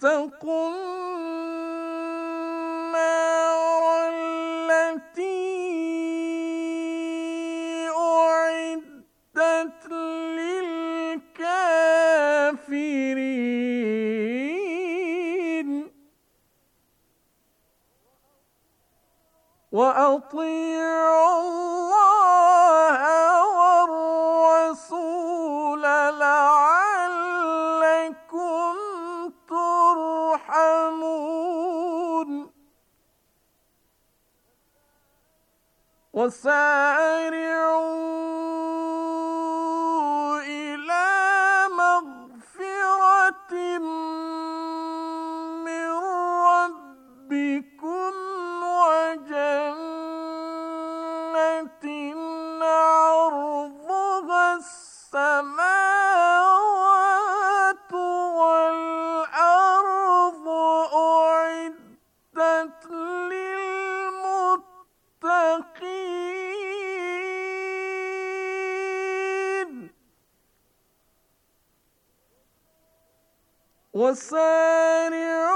فقم النار التي أعدت للكافرين وأطيعوا وسارعوا وسارعوا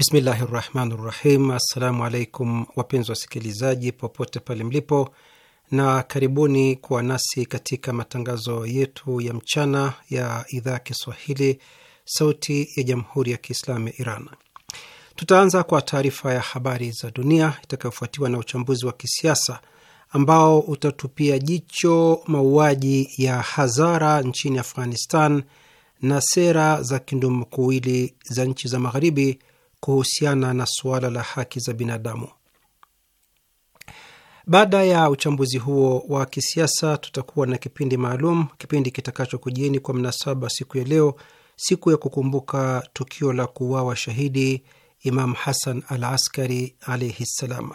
Bismillahi rahmani rahim. Assalamu alaikum wapenzi wasikilizaji popote pale mlipo, na karibuni kuwa nasi katika matangazo yetu ya mchana ya idhaa ya Kiswahili sauti ya jamhuri ya Kiislamu ya Iran. Tutaanza kwa taarifa ya habari za dunia itakayofuatiwa na uchambuzi wa kisiasa ambao utatupia jicho mauaji ya Hazara nchini Afghanistan na sera za kindumukuwili za nchi za Magharibi kuhusiana na suala la haki za binadamu. Baada ya uchambuzi huo wa kisiasa, tutakuwa na kipindi maalum, kipindi kitakachokujieni kwa mnasaba siku ya leo, siku ya kukumbuka tukio la kuuawa shahidi Imam Hasan al Askari alaihi ssalam.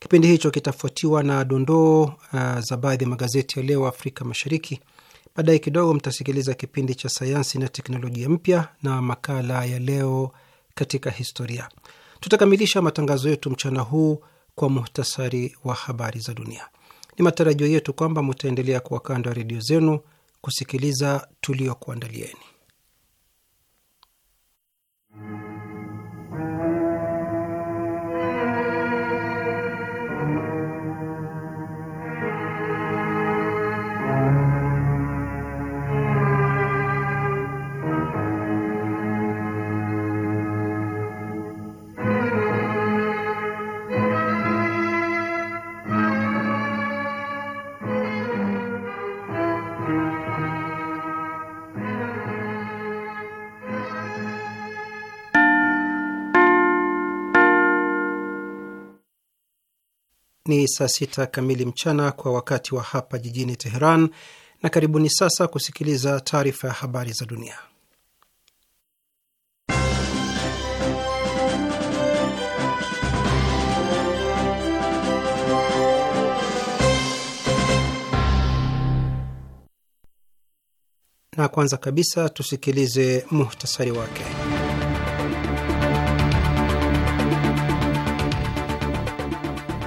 Kipindi hicho kitafuatiwa na dondoo uh, za baadhi ya magazeti ya leo Afrika Mashariki. Baadaye kidogo mtasikiliza kipindi cha sayansi na teknolojia mpya na makala ya leo katika historia. Tutakamilisha matangazo yetu mchana huu kwa muhtasari wa habari za dunia. Ni matarajio yetu kwamba mutaendelea kuwa kando ya redio zenu kusikiliza tuliokuandalieni. ni saa sita kamili mchana kwa wakati wa hapa jijini Teheran, na karibuni sasa kusikiliza taarifa ya habari za dunia. Na kwanza kabisa tusikilize muhtasari wake.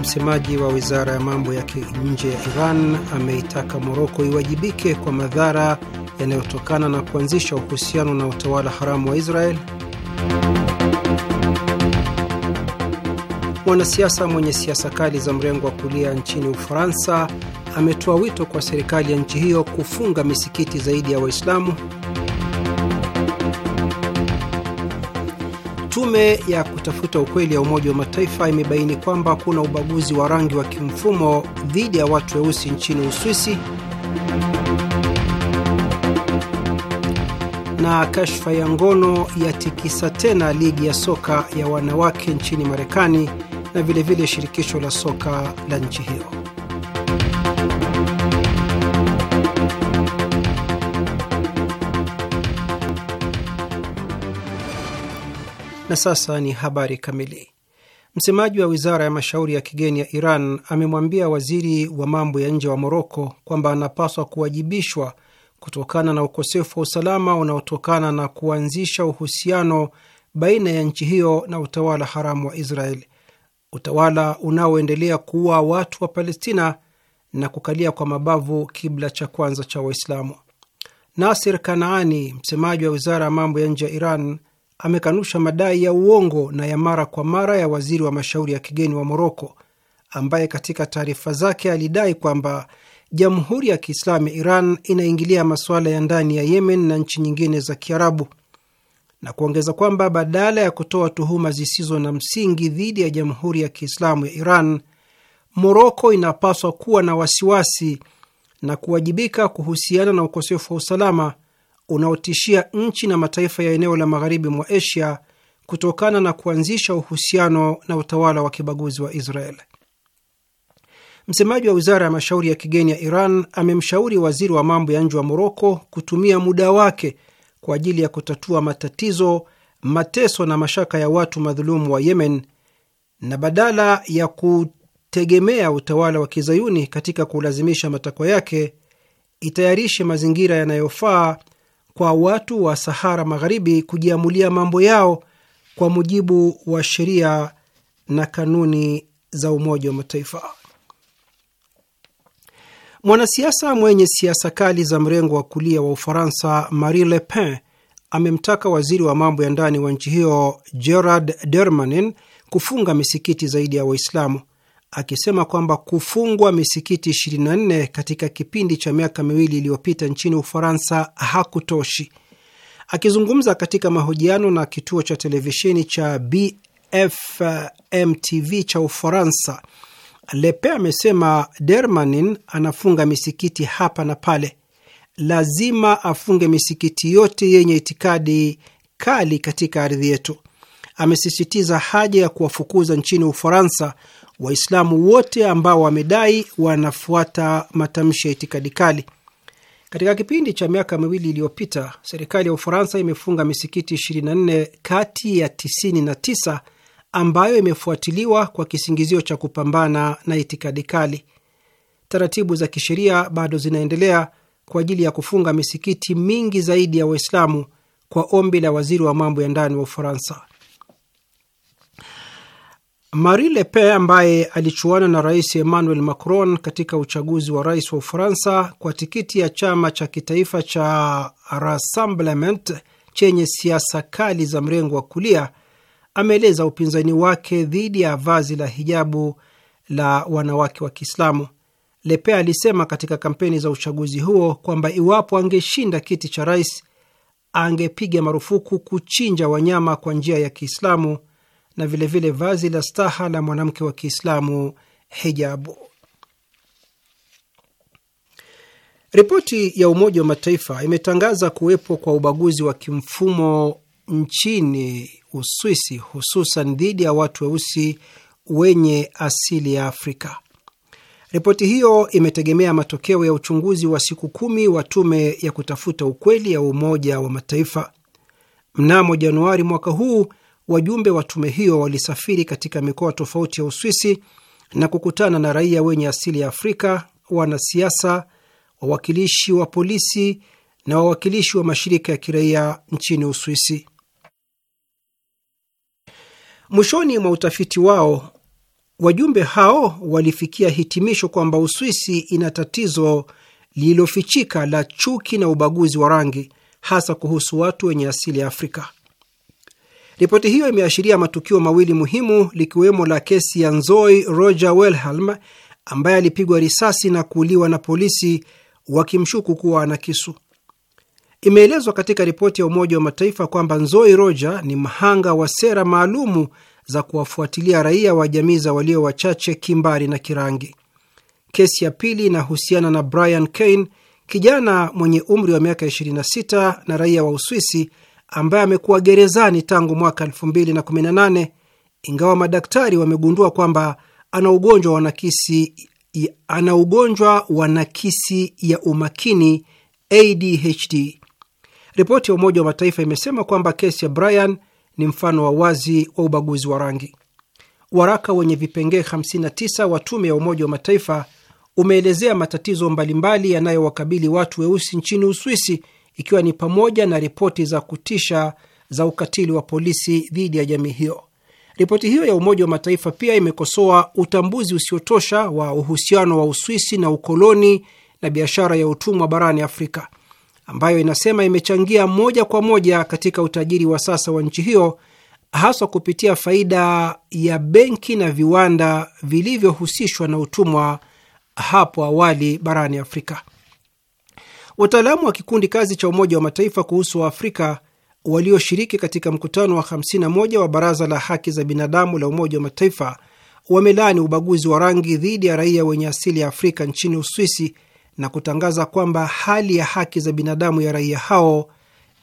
Msemaji wa wizara ya mambo ya nje ya Iran ameitaka Moroko iwajibike kwa madhara yanayotokana na kuanzisha uhusiano na utawala haramu wa Israel. Mwanasiasa mwenye siasa kali za mrengo wa kulia nchini Ufaransa ametoa wito kwa serikali ya nchi hiyo kufunga misikiti zaidi ya Waislamu. Tume ya kutafuta ukweli ya Umoja wa Mataifa imebaini kwamba kuna ubaguzi wa rangi wa kimfumo dhidi ya watu weusi nchini Uswisi, na kashfa ya ngono yatikisa tena ligi ya soka ya wanawake nchini Marekani na vilevile vile shirikisho la soka la nchi hiyo. Na sasa ni habari kamili. Msemaji wa wizara ya mashauri ya kigeni ya Iran amemwambia waziri wa mambo ya nje wa Moroko kwamba anapaswa kuwajibishwa kutokana na ukosefu wa usalama unaotokana na kuanzisha uhusiano baina ya nchi hiyo na utawala haramu wa Israeli, utawala unaoendelea kuua watu wa Palestina na kukalia kwa mabavu kibla cha kwanza cha Waislamu. Nasir Kanaani, msemaji wa wizara ya mambo ya nje ya Iran, amekanusha madai ya uongo na ya mara kwa mara ya waziri wa mashauri ya kigeni wa Moroko ambaye katika taarifa zake alidai kwamba Jamhuri ya Kiislamu ya Iran inaingilia masuala ya ndani ya Yemen na nchi nyingine za Kiarabu na kuongeza kwamba badala ya kutoa tuhuma zisizo na msingi dhidi ya Jamhuri ya Kiislamu ya Iran, Moroko inapaswa kuwa na wasiwasi na kuwajibika kuhusiana na ukosefu wa usalama unaotishia nchi na mataifa ya eneo la magharibi mwa Asia kutokana na kuanzisha uhusiano na utawala wa kibaguzi wa Israel. Msemaji wa wizara ya mashauri ya kigeni ya Iran amemshauri waziri wa mambo ya nje wa Moroko kutumia muda wake kwa ajili ya kutatua matatizo, mateso na mashaka ya watu madhulumu wa Yemen na badala ya kutegemea utawala wa kizayuni katika kulazimisha matakwa yake, itayarishe mazingira yanayofaa kwa watu wa Sahara Magharibi kujiamulia mambo yao kwa mujibu wa sheria na kanuni za Umoja wa Mataifa. Mwanasiasa mwenye siasa kali za mrengo wa kulia wa Ufaransa, Marie Le Pen amemtaka waziri wa mambo ya ndani wa nchi hiyo Gerard Dermanin kufunga misikiti zaidi ya Waislamu akisema kwamba kufungwa misikiti 24 katika kipindi cha miaka miwili iliyopita nchini Ufaransa hakutoshi. Akizungumza katika mahojiano na kituo cha televisheni cha BFMTV cha Ufaransa, Lepe amesema Dermanin anafunga misikiti hapa na pale, lazima afunge misikiti yote yenye itikadi kali katika ardhi yetu amesisitiza haja ya kuwafukuza nchini Ufaransa Waislamu wote ambao wamedai wanafuata matamshi ya itikadi kali. Katika kipindi cha miaka miwili iliyopita, serikali ya Ufaransa imefunga misikiti 24 kati ya 99 ambayo imefuatiliwa kwa kisingizio cha kupambana na itikadi kali. Taratibu za kisheria bado zinaendelea kwa ajili ya kufunga misikiti mingi zaidi ya Waislamu kwa ombi la waziri wa mambo ya ndani wa Ufaransa. Marie Le Pen ambaye alichuana na Rais Emmanuel Macron katika uchaguzi wa rais wa Ufaransa kwa tikiti ya chama cha kitaifa cha Rassemblement chenye siasa kali za mrengo wa kulia ameeleza upinzani wake dhidi ya vazi la hijabu la wanawake wa Kiislamu. Le Pen alisema katika kampeni za uchaguzi huo kwamba iwapo angeshinda kiti cha rais angepiga marufuku kuchinja wanyama kwa njia ya Kiislamu na vilevile vile vazi la staha la mwanamke wa Kiislamu, hijabu. Ripoti ya Umoja wa Mataifa imetangaza kuwepo kwa ubaguzi wa kimfumo nchini Uswisi, hususan dhidi ya watu weusi wenye asili ya Afrika. Ripoti hiyo imetegemea matokeo ya uchunguzi wa siku kumi wa tume ya kutafuta ukweli ya Umoja wa Mataifa. Mnamo Januari mwaka huu, wajumbe wa tume hiyo walisafiri katika mikoa tofauti ya Uswisi na kukutana na raia wenye asili ya Afrika, wanasiasa, wawakilishi wa polisi na wawakilishi wa mashirika ya kiraia nchini Uswisi. Mwishoni mwa utafiti wao, wajumbe hao walifikia hitimisho kwamba Uswisi ina tatizo lililofichika la chuki na ubaguzi wa rangi, hasa kuhusu watu wenye asili ya Afrika. Ripoti hiyo imeashiria matukio mawili muhimu likiwemo la kesi ya Nzoi Roger Wilhelm ambaye alipigwa risasi na kuuliwa na polisi wakimshuku kuwa ana kisu. Imeelezwa katika ripoti ya Umoja wa Mataifa kwamba Nzoi Roger ni mhanga wa sera maalumu za kuwafuatilia raia wa jamii za walio wachache kimbari na kirangi. Kesi ya pili inahusiana na Brian Kane, kijana mwenye umri wa miaka 26 na raia wa Uswisi ambaye amekuwa gerezani tangu mwaka 2018 ingawa madaktari wamegundua kwamba ana ugonjwa wa nakisi ana ugonjwa wa nakisi ya umakini ADHD. Ripoti ya Umoja wa Mataifa imesema kwamba kesi ya Brian ni mfano wa wazi wa ubaguzi wa rangi. Waraka wenye vipengee 59 wa tume ya Umoja wa Mataifa umeelezea matatizo mbalimbali yanayowakabili watu weusi nchini Uswisi ikiwa ni pamoja na ripoti za kutisha za ukatili wa polisi dhidi ya jamii hiyo. Ripoti hiyo ya Umoja wa Mataifa pia imekosoa utambuzi usiotosha wa uhusiano wa Uswisi na ukoloni na biashara ya utumwa barani Afrika, ambayo inasema imechangia moja kwa moja katika utajiri wa sasa wa nchi hiyo, haswa kupitia faida ya benki na viwanda vilivyohusishwa na utumwa hapo awali barani Afrika. Wataalamu wa kikundi kazi cha Umoja wa Mataifa kuhusu Waafrika walioshiriki katika mkutano wa 51 wa Baraza la Haki za Binadamu la Umoja wa Mataifa wamelaani ubaguzi wa rangi dhidi ya raia wenye asili ya Afrika nchini Uswisi na kutangaza kwamba hali ya haki za binadamu ya raia hao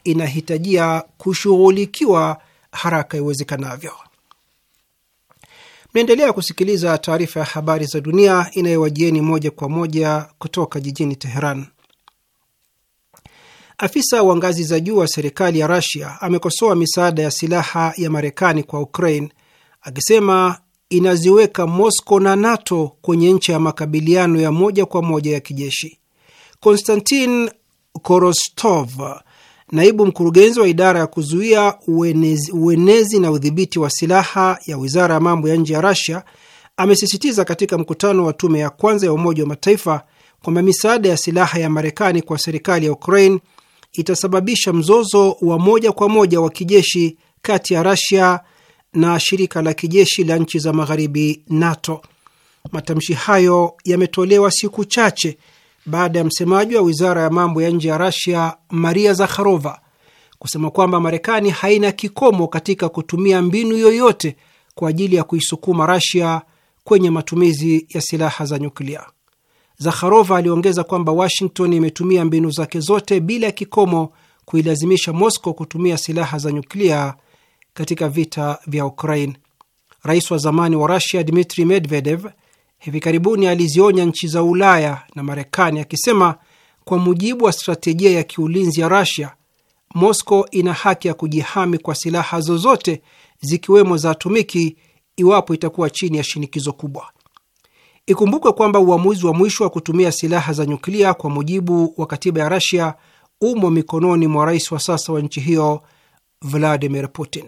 inahitajia kushughulikiwa haraka iwezekanavyo. Mnaendelea kusikiliza taarifa ya habari za dunia inayowajieni moja kwa moja kutoka jijini Teheran. Afisa wa ngazi za juu wa serikali ya Rasia amekosoa misaada ya silaha ya Marekani kwa Ukraine akisema inaziweka Moscow na NATO kwenye ncha ya makabiliano ya moja kwa moja ya kijeshi. Konstantin Korostov, naibu mkurugenzi wa idara ya kuzuia uenezi, uenezi na udhibiti wa silaha ya wizara ya mambo ya nje ya Rasia, amesisitiza katika mkutano wa tume ya kwanza ya Umoja wa Mataifa kwamba misaada ya silaha ya Marekani kwa serikali ya Ukraine itasababisha mzozo wa moja kwa moja wa kijeshi kati ya Russia na shirika la kijeshi la nchi za magharibi NATO. Matamshi hayo yametolewa siku chache baada ya msemaji wa wizara ya mambo ya nje ya Russia Maria Zakharova kusema kwamba Marekani haina kikomo katika kutumia mbinu yoyote kwa ajili ya kuisukuma Russia kwenye matumizi ya silaha za nyuklia. Zakharova aliongeza kwamba Washington imetumia mbinu zake zote bila ya kikomo kuilazimisha Moscow kutumia silaha za nyuklia katika vita vya Ukraine. Rais wa zamani wa Rusia Dmitri Medvedev hivi karibuni alizionya nchi za Ulaya na Marekani akisema, kwa mujibu wa strategia ya kiulinzi ya Rusia, Moscow ina haki ya kujihami kwa silaha zozote zikiwemo za atomiki iwapo itakuwa chini ya shinikizo kubwa. Ikumbukwe kwamba uamuzi wa mwisho wa kutumia silaha za nyuklia kwa mujibu wa katiba ya Rasia umo mikononi mwa rais wa sasa wa nchi hiyo Vladimir Putin.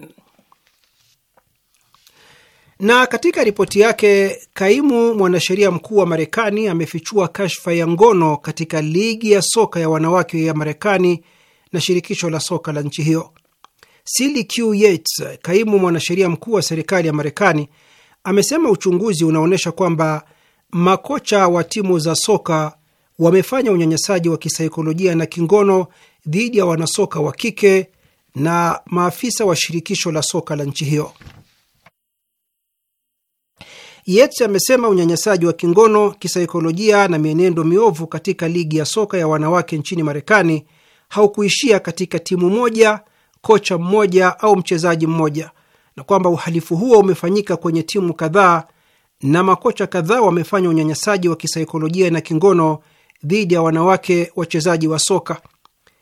Na katika ripoti yake, kaimu mwanasheria mkuu wa Marekani amefichua kashfa ya ngono katika ligi ya soka ya wanawake ya Marekani na shirikisho la soka la nchi hiyo. Sili Q Yates, kaimu mwanasheria mkuu wa serikali ya Marekani, amesema uchunguzi unaonyesha kwamba makocha wa timu za soka wamefanya unyanyasaji wa kisaikolojia na kingono dhidi ya wanasoka wa kike na maafisa wa shirikisho la soka la nchi hiyo. Yeti amesema unyanyasaji wa kingono, kisaikolojia na mienendo miovu katika ligi ya soka ya wanawake nchini Marekani haukuishia katika timu moja, kocha mmoja au mchezaji mmoja, na kwamba uhalifu huo umefanyika kwenye timu kadhaa na makocha kadhaa wamefanya unyanyasaji wa kisaikolojia na kingono dhidi ya wanawake wachezaji wa soka.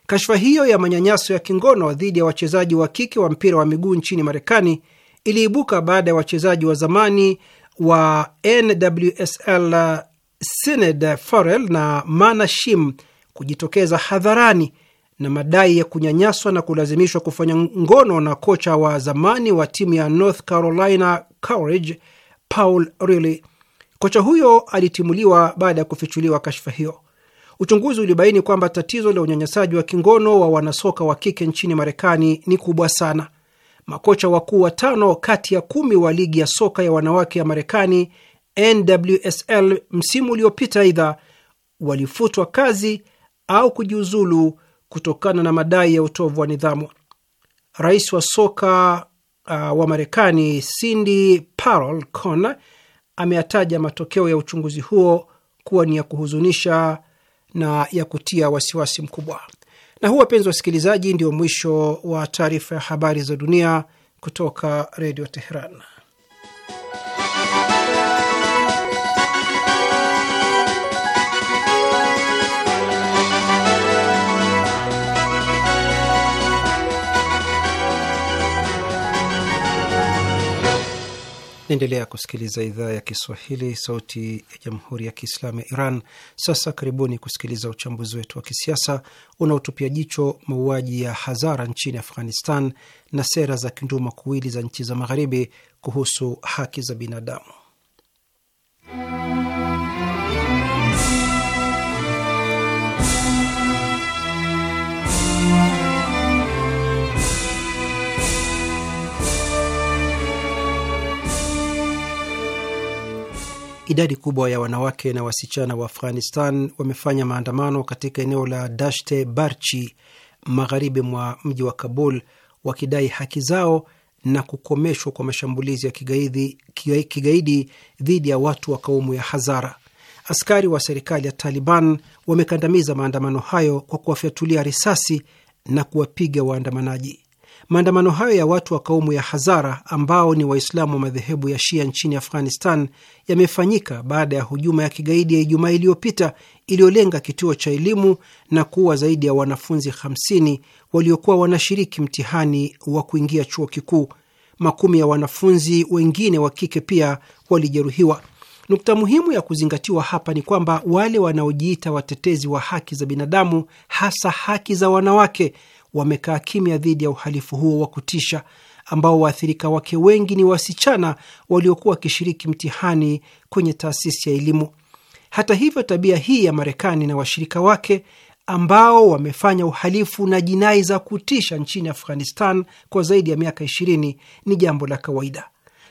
Kashfa hiyo ya manyanyaso ya kingono dhidi ya wachezaji wa kike wa mpira wa miguu nchini Marekani iliibuka baada ya wachezaji wa zamani wa NWSL uh, Sinead Farrell na Mana Shim kujitokeza hadharani na madai ya kunyanyaswa na kulazimishwa kufanya ngono na kocha wa zamani wa timu ya North Carolina Courage Paul Rili. Kocha huyo alitimuliwa baada ya kufichuliwa kashfa hiyo. Uchunguzi ulibaini kwamba tatizo la unyanyasaji wa kingono wa wanasoka wa kike nchini Marekani ni kubwa sana. Makocha wakuu watano kati ya kumi wa ligi ya soka ya wanawake ya Marekani NWSL msimu uliopita aidha walifutwa kazi au kujiuzulu kutokana na madai ya utovu wa nidhamu. Rais wa soka uh, wa Marekani Cindy Parol con ameyataja matokeo ya uchunguzi huo kuwa ni ya kuhuzunisha na ya kutia wasiwasi mkubwa. Na huu, wapenzi wa wasikilizaji, ndio mwisho wa taarifa ya habari za dunia kutoka Redio Teheran. Naendelea kusikiliza idhaa ya Kiswahili, sauti ya jamhuri ya kiislamu ya Iran. Sasa karibuni kusikiliza uchambuzi wetu wa kisiasa unaotupia jicho mauaji ya Hazara nchini Afghanistan na sera za kinduma kuwili za nchi za magharibi kuhusu haki za binadamu. Idadi kubwa ya wanawake na wasichana wa Afghanistan wamefanya maandamano katika eneo la Dashte Barchi, magharibi mwa mji wa Kabul, wakidai haki zao na kukomeshwa kwa mashambulizi ya kigaidi, kigaidi dhidi ya watu wa kaumu ya Hazara. Askari wa serikali ya Taliban wamekandamiza maandamano hayo kwa kuwafyatulia risasi na kuwapiga waandamanaji. Maandamano hayo ya watu wa kaumu ya Hazara ambao ni Waislamu wa madhehebu ya Shia nchini Afghanistan yamefanyika baada ya hujuma ya kigaidi ya Ijumaa iliyopita iliyolenga kituo cha elimu na kuua zaidi ya wanafunzi 50 waliokuwa wanashiriki mtihani wa kuingia chuo kikuu. Makumi ya wanafunzi wengine wa kike pia walijeruhiwa. Nukta muhimu ya kuzingatiwa hapa ni kwamba wale wanaojiita watetezi wa haki za binadamu, hasa haki za wanawake, wamekaa kimya dhidi ya uhalifu huo wa kutisha ambao waathirika wake wengi ni wasichana waliokuwa wakishiriki mtihani kwenye taasisi ya elimu. Hata hivyo, tabia hii ya Marekani na washirika wake ambao wamefanya uhalifu na jinai za kutisha nchini Afghanistan kwa zaidi ya miaka 20 ni jambo la kawaida.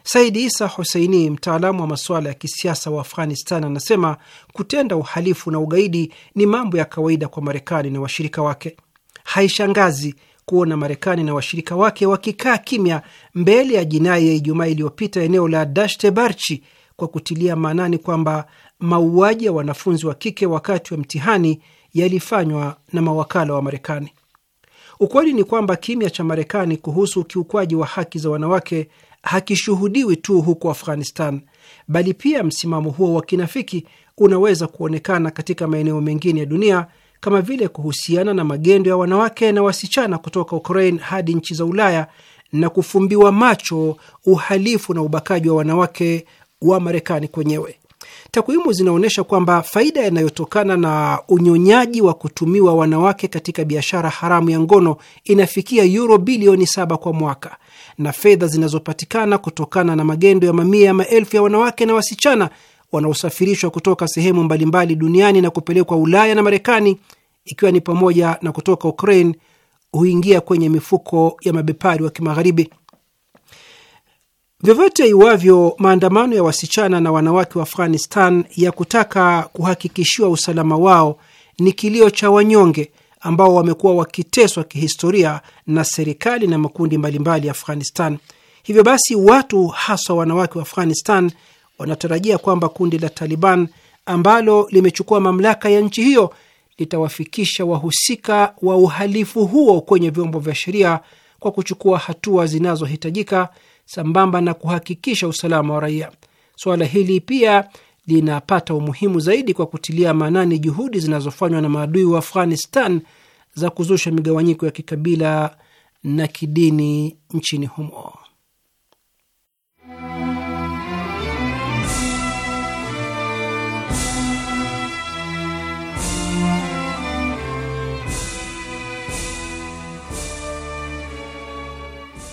Saidi Isa Huseini, mtaalamu wa masuala ya kisiasa wa Afghanistan, anasema kutenda uhalifu na ugaidi ni mambo ya kawaida kwa Marekani na washirika wake. Haishangazi kuona Marekani na washirika wake wakikaa kimya mbele ya jinai ya Ijumaa iliyopita eneo la Dashte Barchi, kwa kutilia maanani kwamba mauaji ya wanafunzi wa kike wakati wa mtihani yalifanywa na mawakala wa Marekani. Ukweli ni kwamba kimya cha Marekani kuhusu ukiukwaji wa haki za wanawake hakishuhudiwi tu huko Afghanistan, bali pia msimamo huo wa kinafiki unaweza kuonekana katika maeneo mengine ya dunia kama vile kuhusiana na magendo ya wanawake na wasichana kutoka Ukraine hadi nchi za Ulaya na kufumbiwa macho uhalifu na ubakaji wa wanawake wa Marekani kwenyewe. Takwimu zinaonyesha kwamba faida inayotokana na unyonyaji wa kutumiwa wanawake katika biashara haramu ya ngono inafikia yuro bilioni saba kwa mwaka, na fedha zinazopatikana kutokana na magendo ya mamia ya maelfu ya wanawake na wasichana wanaosafirishwa kutoka sehemu mbalimbali duniani na kupelekwa Ulaya na Marekani, ikiwa ni pamoja na kutoka Ukraine, huingia kwenye mifuko ya mabepari wa Kimagharibi. Vyovyote iwavyo, maandamano ya wasichana na wanawake wa Afghanistan ya kutaka kuhakikishiwa usalama wao ni kilio cha wanyonge ambao wamekuwa wakiteswa kihistoria na serikali na makundi mbalimbali ya Afghanistan. Hivyo basi, watu haswa wanawake wa Afghanistan wanatarajia kwamba kundi la Taliban ambalo limechukua mamlaka ya nchi hiyo litawafikisha wahusika wa uhalifu huo kwenye vyombo vya sheria kwa kuchukua hatua zinazohitajika sambamba na kuhakikisha usalama wa raia. Suala hili pia linapata umuhimu zaidi kwa kutilia maanani juhudi zinazofanywa na maadui wa Afghanistan za kuzusha migawanyiko ya kikabila na kidini nchini humo.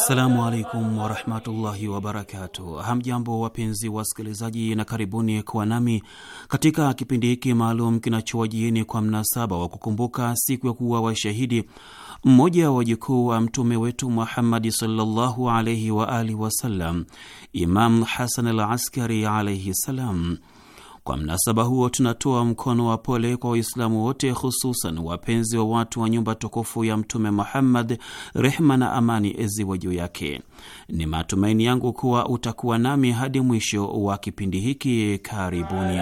Assalamu alaikum warahmatullahi wabarakatu Hamjambo wapenzi wasikilizaji, na karibuni kuwa nami katika kipindi hiki maalum kinachowajieni kwa mnasaba wa kukumbuka siku ya kuwa washahidi mmoja wa wajukuu wa mtume wetu Muhammadi sallallahu alaihi waalihi wasallam, Imam Hasan al Askari alaihi salam. Kwa mnasaba huo, tunatoa mkono wa pole kwa Waislamu wote, hususan wapenzi wa watu wa nyumba tukufu ya Mtume Muhammad, rehma na amani ziwe juu yake. Ni matumaini yangu kuwa utakuwa nami hadi mwisho wa kipindi hiki. Karibuni.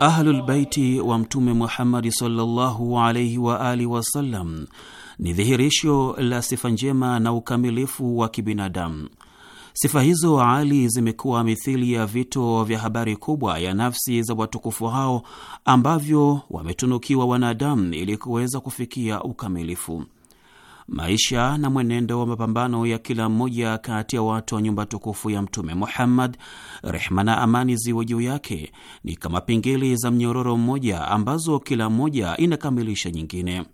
Ahlulbaiti wa Mtume Muhammadi sallallahu alaihi wa alihi wasallam ni dhihirisho la sifa njema na ukamilifu wa kibinadamu. Sifa hizo ali zimekuwa mithili ya vito vya habari kubwa ya nafsi za watukufu hao ambavyo wametunukiwa wanadamu ili kuweza kufikia ukamilifu maisha na mwenendo wa mapambano ya kila mmoja kati ya watu wa nyumba tukufu ya Mtume Muhammad, rehma na amani ziwe juu yake, ni kama pingili za mnyororo mmoja ambazo kila mmoja inakamilisha nyingine.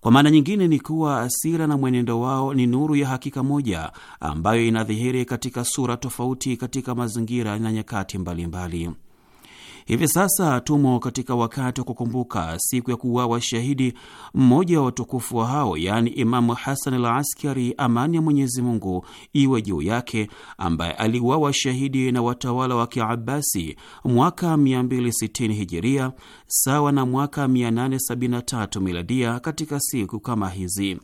Kwa maana nyingine ni kuwa asira na mwenendo wao ni nuru ya hakika moja ambayo inadhihiri katika sura tofauti katika mazingira na nyakati mbalimbali mbali. Hivi sasa tumo katika wakati wa kukumbuka siku ya kuuawa shahidi mmoja wa watukufu wa hao, yaani Imamu Hasan al Askari, amani ya Mwenyezi Mungu iwe juu yake, ambaye aliuawa shahidi na watawala wa Kiabasi mwaka 260 Hijiria, sawa na mwaka 873 Miladia, katika siku kama hizi.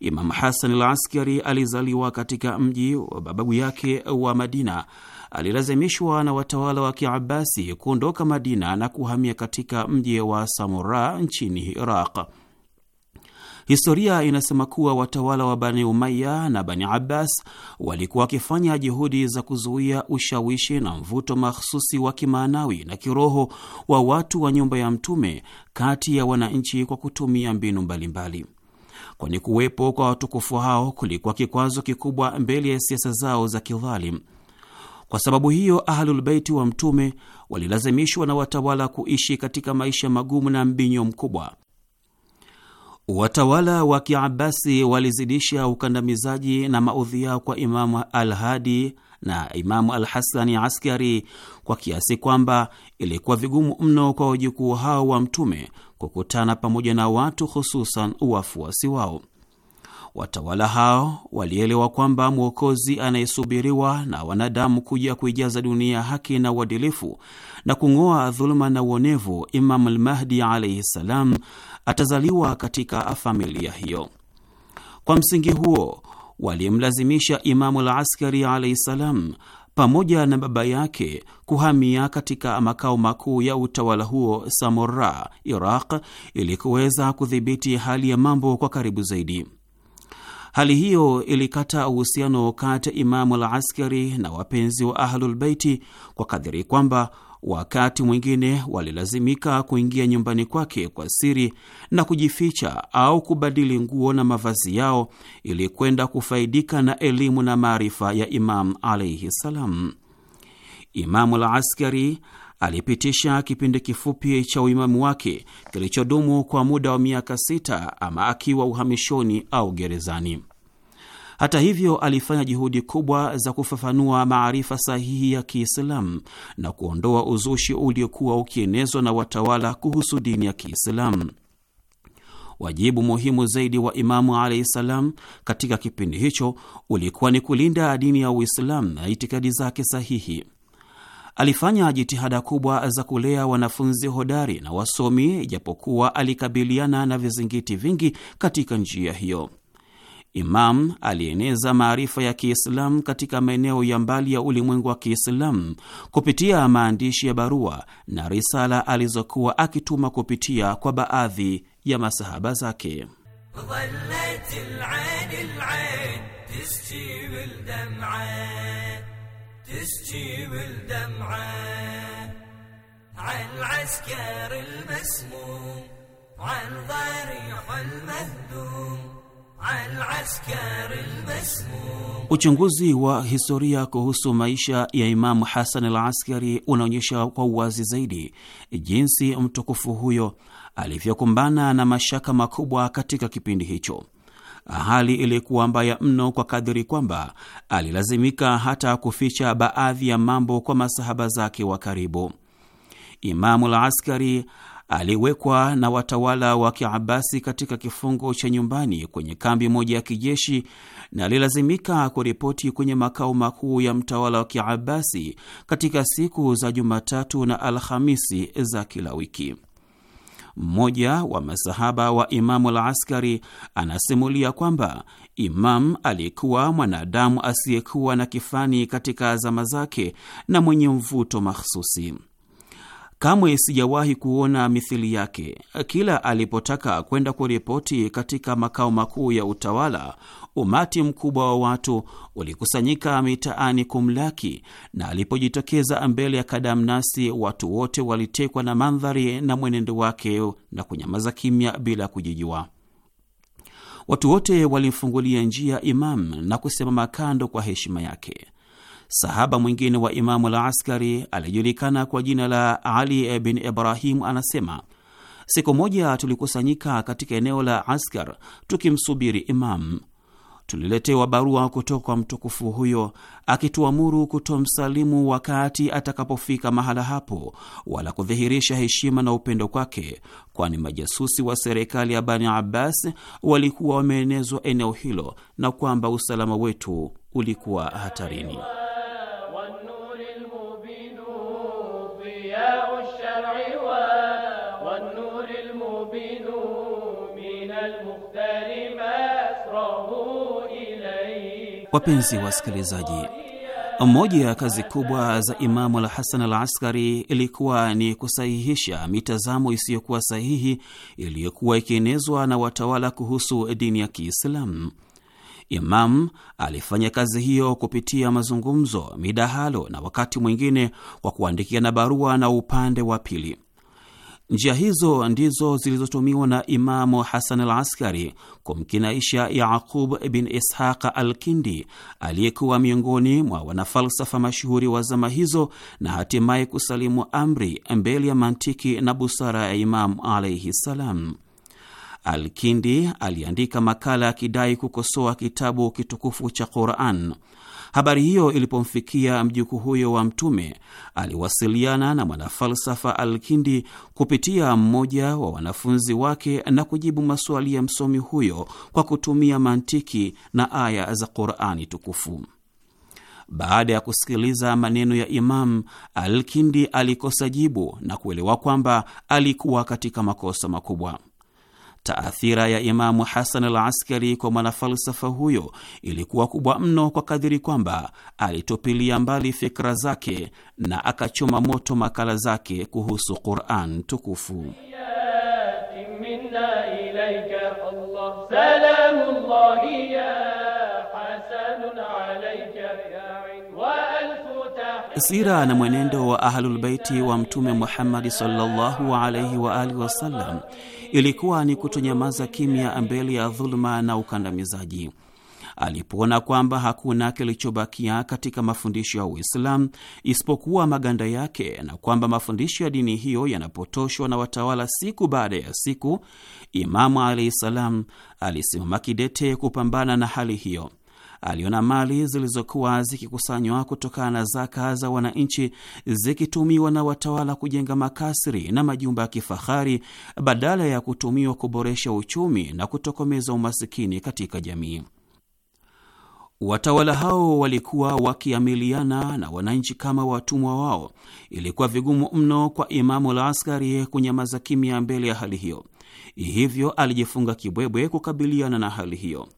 Imamu Hasan al Askari alizaliwa katika mji wa babu yake wa Madina alilazimishwa na watawala wa Kiabasi kuondoka Madina na kuhamia katika mji wa Samura nchini Iraq. Historia inasema kuwa watawala wa Bani Umaya na Bani Abbas walikuwa wakifanya juhudi za kuzuia ushawishi na mvuto mahsusi wa kimaanawi na kiroho wa watu wa nyumba ya Mtume kati ya wananchi kwa kutumia mbinu mbalimbali Kwani kuwepo kwa watukufu hao kulikuwa kikwazo kikubwa mbele ya siasa zao za kidhalim. Kwa sababu hiyo, Ahlulbeiti wa Mtume walilazimishwa na watawala kuishi katika maisha magumu na mbinyo mkubwa. Watawala wa Kiabasi walizidisha ukandamizaji na maudhi yao kwa Imamu Alhadi na Imamu Al Hasani Askari kwa kiasi kwamba ilikuwa vigumu mno kwa wajukuu hao wa Mtume kukutana pamoja na watu, hususan wafuasi wao. Watawala hao walielewa kwamba mwokozi anayesubiriwa na wanadamu kuja kuijaza dunia haki na uadilifu na kung'oa dhuluma na uonevu, Imam al alaihi ssalam, atazaliwa katika familia hiyo. Kwa msingi huo walimlazimisha Imamu al-Askari alaihi ssalam pamoja na baba yake kuhamia katika makao makuu ya utawala huo Samora, Iraq, ili kuweza kudhibiti hali ya mambo kwa karibu zaidi. Hali hiyo ilikata uhusiano kati ya Imamu al Askari na wapenzi wa Ahlulbeiti kwa kadhiri kwamba wakati mwingine walilazimika kuingia nyumbani kwake kwa siri na kujificha au kubadili nguo na mavazi yao ili kwenda kufaidika na elimu na maarifa ya imamu alaihi salam. Imamu al Askari alipitisha kipindi kifupi cha uimamu wake kilichodumu kwa muda wa miaka sita, ama akiwa uhamishoni au gerezani. Hata hivyo, alifanya juhudi kubwa za kufafanua maarifa sahihi ya Kiislamu na kuondoa uzushi uliokuwa ukienezwa na watawala kuhusu dini ya Kiislamu. Wajibu muhimu zaidi wa Imamu alaihi salam katika kipindi hicho ulikuwa ni kulinda dini ya Uislamu na itikadi zake sahihi. Alifanya jitihada kubwa za kulea wanafunzi hodari na wasomi, japokuwa alikabiliana na vizingiti vingi katika njia hiyo. Imam alieneza maarifa ya Kiislamu katika maeneo ya mbali ya ulimwengu wa Kiislamu kupitia maandishi ya barua na risala alizokuwa akituma kupitia kwa baadhi ya masahaba zake. Uchunguzi wa historia kuhusu maisha ya Imamu Hasan al Askari unaonyesha kwa uwazi zaidi jinsi mtukufu huyo alivyokumbana na mashaka makubwa katika kipindi hicho. Hali ilikuwa mbaya mno kwa kadiri kwamba alilazimika hata kuficha baadhi ya mambo kwa masahaba zake wa karibu. Imamu al Askari aliwekwa na watawala wa Kiabasi katika kifungo cha nyumbani kwenye kambi moja ya kijeshi na alilazimika kuripoti kwenye makao makuu ya mtawala wa Kiabasi katika siku za Jumatatu na Alhamisi za kila wiki. Mmoja wa masahaba wa Imamu al-Askari anasimulia kwamba Imam alikuwa mwanadamu asiyekuwa na kifani katika azama zake na mwenye mvuto mahsusi. Kamwe sijawahi kuona mithili yake. Kila alipotaka kwenda kuripoti katika makao makuu ya utawala, umati mkubwa wa watu ulikusanyika mitaani kumlaki, na alipojitokeza mbele ya kadamnasi, watu wote walitekwa na mandhari na mwenendo wake na kunyamaza kimya bila kujijua. Watu wote walimfungulia njia Imam na kusimama kando kwa heshima yake. Sahaba mwingine wa Imamu al Askari aliyejulikana kwa jina la Ali bin Ibrahim anasema siku moja tulikusanyika katika eneo la Askar tukimsubiri Imamu. Tuliletewa barua kutoka kwa mtukufu huyo akituamuru kutomsalimu wakati atakapofika mahala hapo, wala kudhihirisha heshima na upendo kwake, kwani majasusi wa serikali ya Bani Abbas walikuwa wameenezwa eneo hilo na kwamba usalama wetu ulikuwa hatarini. Wapenzi wasikilizaji, moja ya kazi kubwa za Imamu Al-Hasan Al-Askari ilikuwa ni kusahihisha mitazamo isiyokuwa sahihi iliyokuwa ikienezwa na watawala kuhusu dini ya Kiislamu. Imam alifanya kazi hiyo kupitia mazungumzo, midahalo na wakati mwingine kwa kuandikia na barua na upande wa pili. Njia hizo ndizo zilizotumiwa na Imamu Hasan al Askari kumkinaisha Yaqub bin Ishaq al Kindi aliyekuwa miongoni mwa wanafalsafa mashuhuri wa zama hizo na hatimaye kusalimu amri mbele ya mantiki na busara ya Imamu alaihi ssalam. Alkindi aliandika makala akidai kukosoa kitabu kitukufu cha Quran. Habari hiyo ilipomfikia mjukuu huyo wa Mtume, aliwasiliana na mwanafalsafa Alkindi kupitia mmoja wa wanafunzi wake na kujibu maswali ya msomi huyo kwa kutumia mantiki na aya za Qurani tukufu. Baada ya kusikiliza maneno ya Imam, Alkindi alikosa jibu na kuelewa kwamba alikuwa katika makosa makubwa. Taathira ya Imamu Hasan al Askari kwa mwanafalsafa huyo ilikuwa kubwa mno kwa kadhiri kwamba alitupilia mbali fikra zake na akachoma moto makala zake kuhusu Quran tukufu. Sira na mwenendo wa Ahlulbeiti wa Mtume Muhammadi sallallahu alaihi wa alihi wasallam ilikuwa ni kutonyamaza kimya mbele ya dhuluma na ukandamizaji. Alipoona kwamba hakuna kilichobakia katika mafundisho ya Uislamu isipokuwa maganda yake na kwamba mafundisho ya dini hiyo yanapotoshwa na watawala siku baada ya siku, Imamu alaihi salam alisimama kidete kupambana na hali hiyo aliona mali zilizokuwa zikikusanywa kutokana na zaka za wananchi zikitumiwa na watawala kujenga makasri na majumba ya kifahari badala ya kutumiwa kuboresha uchumi na kutokomeza umasikini katika jamii. Watawala hao walikuwa wakiamiliana na wananchi kama watumwa wao. Ilikuwa vigumu mno kwa Imamu la Askari kunyamaza kimya mbele ya hali hiyo, hivyo alijifunga kibwebwe kukabiliana na hali hiyo.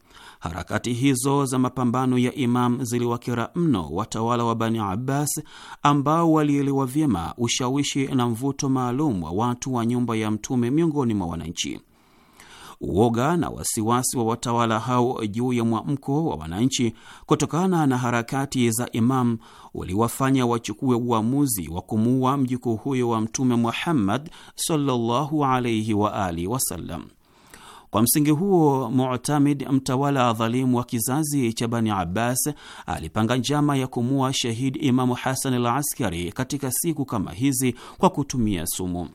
Harakati hizo za mapambano ya Imam ziliwakera mno watawala wa Bani Abbas ambao walielewa vyema ushawishi na mvuto maalum wa watu wa nyumba ya Mtume miongoni mwa wananchi. Uoga na wasiwasi wa watawala hao juu ya mwamko wa wananchi kutokana na harakati za Imam uliwafanya wachukue uamuzi wa kumuua mjukuu huyo wa Mtume Muhammad sallallahu alaihi wa alihi wasallam. Kwa msingi huo, Mutamid, mtawala dhalimu wa kizazi cha Bani Abbas, alipanga njama ya kumua shahidi Imamu Hasan al Askari katika siku kama hizi kwa kutumia sumu.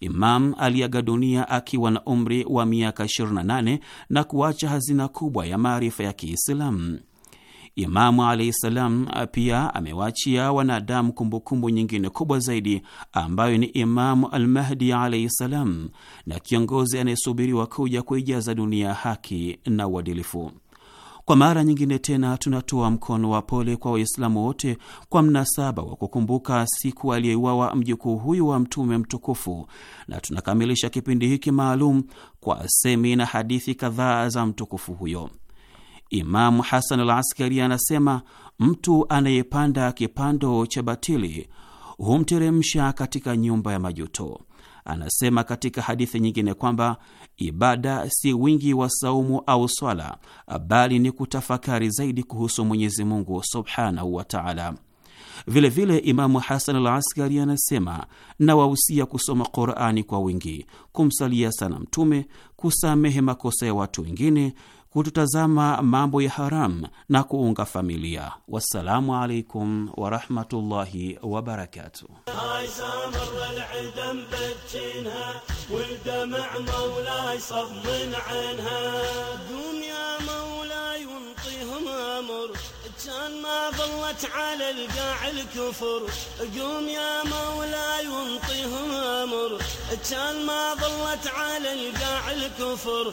Imam aliaga dunia akiwa na umri wa miaka 28 na kuacha hazina kubwa ya maarifa ya Kiislamu. Imamu alaihi salam pia amewaachia wanadamu kumbukumbu nyingine kubwa zaidi ambayo ni Imamu Almahdi alaihi salam na kiongozi anayesubiriwa kuja kuijaza dunia haki na uadilifu. Kwa mara nyingine tena tunatoa mkono wa pole kwa Waislamu wote kwa mnasaba wa kukumbuka siku aliyeuawa mjukuu huyu wa Mtume mtukufu, na tunakamilisha kipindi hiki maalum kwa semi na hadithi kadhaa za mtukufu huyo. Imamu Hasan al Askari anasema mtu anayepanda kipando cha batili humteremsha katika nyumba ya majuto. Anasema katika hadithi nyingine kwamba ibada si wingi wa saumu au swala, bali ni kutafakari zaidi kuhusu Mwenyezi Mungu subhanahu wa taala. Vilevile Imamu Hasan al Askari anasema nawahusia kusoma Qurani kwa wingi, kumsalia sana Mtume, kusamehe makosa ya watu wengine kututazama mambo ya haram na kuunga familia. Wassalamu alaikum warahmatullahi wabarakatuh. فيهم امر كان ما ظلت على القاع الكفر قوم يا مولاي وانطيهم امر كان ما ظلت على القاع الكفر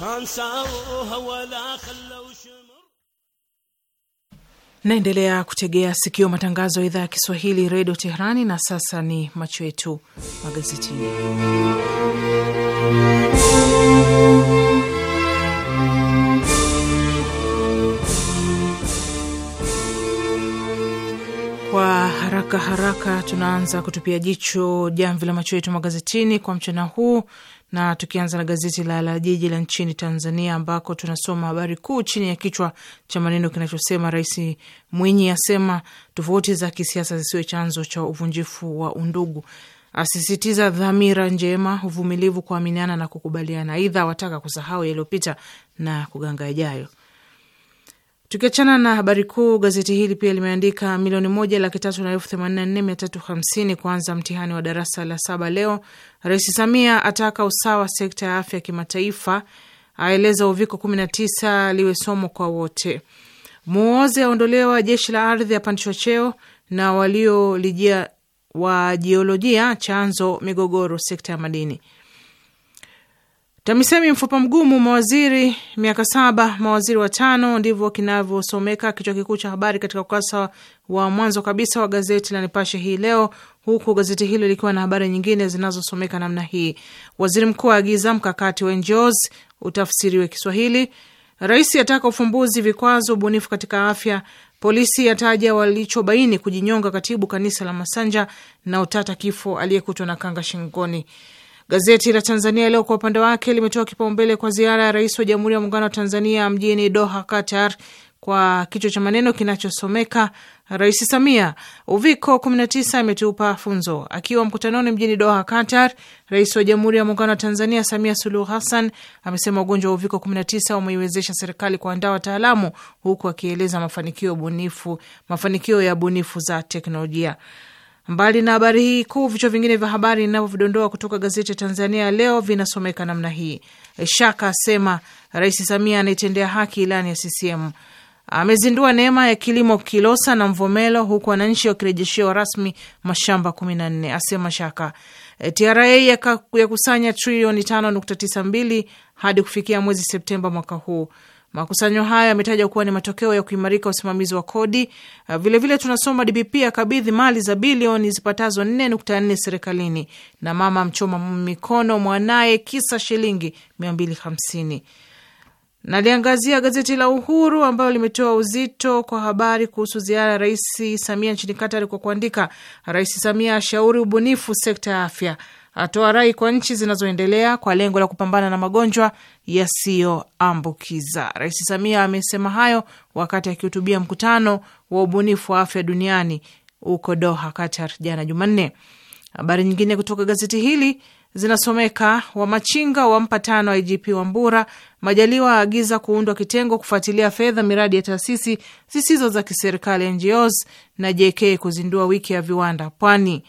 كان ساووها ولا خلوا Naendelea kutegea sikio matangazo ya idhaa ya Kiswahili redio Teherani. Na sasa ni macho yetu magazetini. Kwa haraka haraka tunaanza kutupia jicho jamvi la macho yetu magazetini kwa mchana huu, na tukianza na gazeti la la Jiji la nchini Tanzania, ambako tunasoma habari kuu chini ya kichwa cha maneno kinachosema Rais Mwinyi asema tofauti za kisiasa zisiwe chanzo cha uvunjifu wa undugu, asisitiza dhamira njema, uvumilivu, kuaminiana na kukubaliana. Aidha, wataka kusahau yaliyopita na kuganga yajayo. Tukiachana na habari kuu, gazeti hili pia limeandika milioni moja laki tatu na elfu themanini na nne mia tatu hamsini kuanza mtihani wa darasa la saba leo. Rais Samia ataka usawa sekta ya afya kimataifa, aeleza uviko 19 liwe somo kwa wote. Muoze aondolewa jeshi la ardhi, apandishwa cheo na waliolijia wa jiolojia chanzo migogoro sekta ya madini. TAMISEMI mfupa mgumu mawaziri miaka saba, mawaziri watano, ndivyo kinavyosomeka kichwa kikuu cha habari katika ukurasa wa mwanzo kabisa wa gazeti la Nipashe hii leo, huku gazeti hilo likiwa na habari nyingine zinazosomeka namna hii: waziri mkuu aagiza mkakati wa NGOs utafsiriwe Kiswahili, rais ataka ufumbuzi vikwazo ubunifu katika afya, polisi yataja walichobaini kujinyonga katibu kanisa la Masanja, na utata kifo aliyekutwa na kanga shingoni. Gazeti la Tanzania Leo kwa upande wake limetoa kipaumbele kwa ziara ya rais wa Jamhuri ya Muungano wa Tanzania mjini Doha, Qatar, kwa kichwa cha maneno kinachosomeka Rais Samia, Uviko 19 imetupa funzo. Akiwa mkutanoni mjini Doha, Qatar, rais wa Jamhuri ya Muungano wa Tanzania Samia Suluhu Hassan amesema ugonjwa wa Uviko 19 umeiwezesha serikali kuandaa wataalamu, huku akieleza mafanikio bunifu, mafanikio ya bunifu za teknolojia. Mbali na habari hii kuu, vichwa vingine vya habari inavyovidondoa kutoka gazeti ya Tanzania Leo vinasomeka namna hii: Shaka asema Rais Samia anaitendea haki ilani ya CCM, amezindua neema ya kilimo Kilosa na Mvomelo, huku wananchi wakirejeshiwa rasmi mashamba 14 asema Shaka. E, TRA yakusanya trilioni 5.92 hadi kufikia mwezi Septemba mwaka huu. Makusanyo haya yametaja kuwa ni matokeo ya kuimarika usimamizi wa kodi. Vilevile uh, vile tunasoma DBP akabidhi mali za bilioni zipatazo 4.4 serikalini, na mama mchoma mikono mwanaye kisa shilingi 250. Naliangazia gazeti la Uhuru ambayo limetoa uzito kwa habari kuhusu ziara ya Rais Samia nchini Katari kwa kuandika, Rais Samia ashauri ubunifu sekta ya afya atoa rai kwa nchi zinazoendelea kwa lengo la kupambana na magonjwa yasiyoambukiza. Rais Samia amesema hayo wakati akihutubia mkutano wa ubunifu wa afya duniani huko Doha, Qatar, jana Jumanne. Habari nyingine kutoka gazeti hili zinasomeka: Wamachinga wampa tano IGP Wambura, Majaliwa aagiza kuundwa kitengo kufuatilia fedha miradi ya taasisi zisizo za kiserikali NGOs, na JK kuzindua wiki ya viwanda Pwani.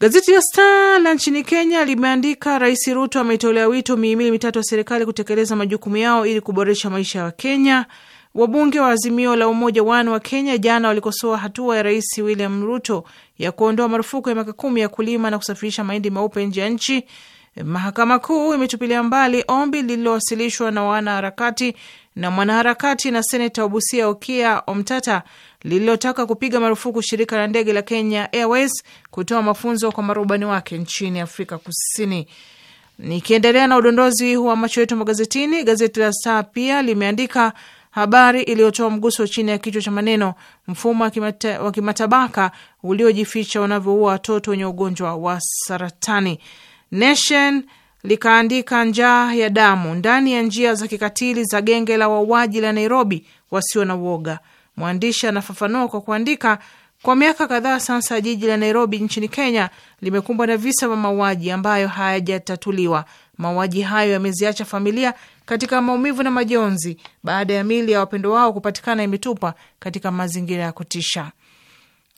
Gazeti la Star la nchini Kenya limeandika Rais Ruto ametolea wito mihimili mitatu ya serikali kutekeleza majukumu yao ili kuboresha maisha ya Wakenya. Wabunge wa Azimio la Umoja One wa Kenya jana walikosoa hatua ya Rais William Ruto ya kuondoa marufuku ya miaka kumi ya kulima na kusafirisha mahindi meupe nje ya nchi. Mahakama Kuu imetupilia mbali ombi lililowasilishwa na wanaharakati na mwanaharakati na seneta wa Busia Okia Omtata lililotaka kupiga marufuku shirika la ndege la Kenya Airways kutoa mafunzo kwa marubani wake nchini Afrika Kusini. Nikiendelea na udondozi wa macho yetu magazetini, gazeti la Star pia limeandika habari iliyotoa mguso chini ya kichwa cha maneno mfumo wa kimatabaka uliojificha unavyoua watoto wenye ugonjwa wa saratani. Nation likaandika njaa ya damu ndani ya njia za kikatili za genge la wauaji la Nairobi wasio na uoga Mwandishi anafafanua kwa kuandika, kwa miaka kadhaa sasa jiji la Nairobi nchini Kenya limekumbwa na visa vya mauaji ambayo hayajatatuliwa. Mauaji hayo yameziacha familia katika maumivu na majonzi baada ya mili ya wapendo wao kupatikana imetupa katika mazingira ya kutisha.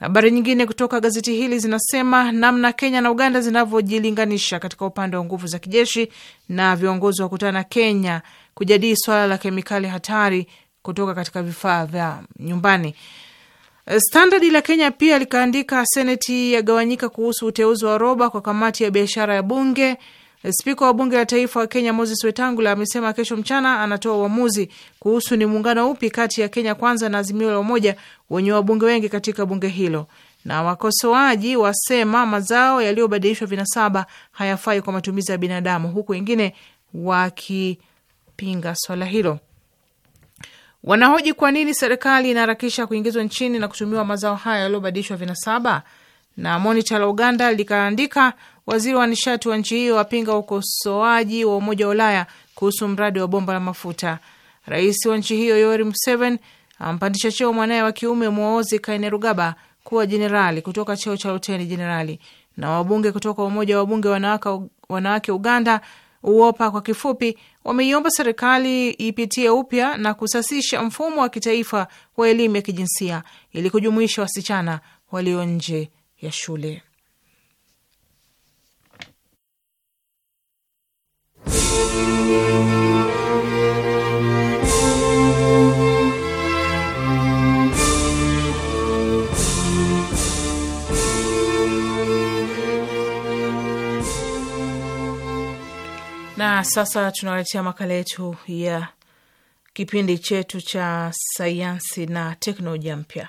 Habari nyingine kutoka gazeti hili zinasema namna Kenya na Uganda zinavyojilinganisha katika upande wa nguvu za kijeshi, na viongozi wa kutana Kenya kujadili swala la kemikali hatari kutoka katika vifaa vya nyumbani. Eh, Standard la Kenya pia likaandika, seneti yagawanyika kuhusu uteuzi wa roba kwa kamati ya biashara ya bunge. Eh, Spika wa bunge la taifa wa Kenya Moses Wetangula amesema kesho mchana anatoa uamuzi kuhusu ni muungano upi kati ya Kenya Kwanza na Azimio la Umoja wenye wabunge wengi katika bunge hilo. Na wakosoaji wasema mazao yaliyobadilishwa vinasaba hayafai kwa matumizi ya binadamu, huku wengine wakipinga swala hilo. Wanahoji kwa nini serikali inaharakisha kuingizwa nchini na kutumiwa mazao haya yaliyobadilishwa vinasaba. Na Monita la Uganda likaandika, waziri wa nishati wa nchi hiyo apinga ukosoaji wa Umoja wa Ulaya kuhusu mradi wa bomba la mafuta. Rais wa nchi hiyo Yoweri Museveni ampandisha cheo mwanaye wa kiume Muhoozi Kainerugaba kuwa jenerali kutoka cheo cha luteni jenerali. Na wabunge kutoka Umoja wa Wabunge Wanawake Uganda UOPA kwa kifupi, wameiomba serikali ipitie upya na kusasisha mfumo wa kitaifa wa elimu ya kijinsia ili kujumuisha wasichana walio nje ya shule. Na sasa tunawaletea makala yetu ya kipindi chetu cha sayansi na teknolojia mpya.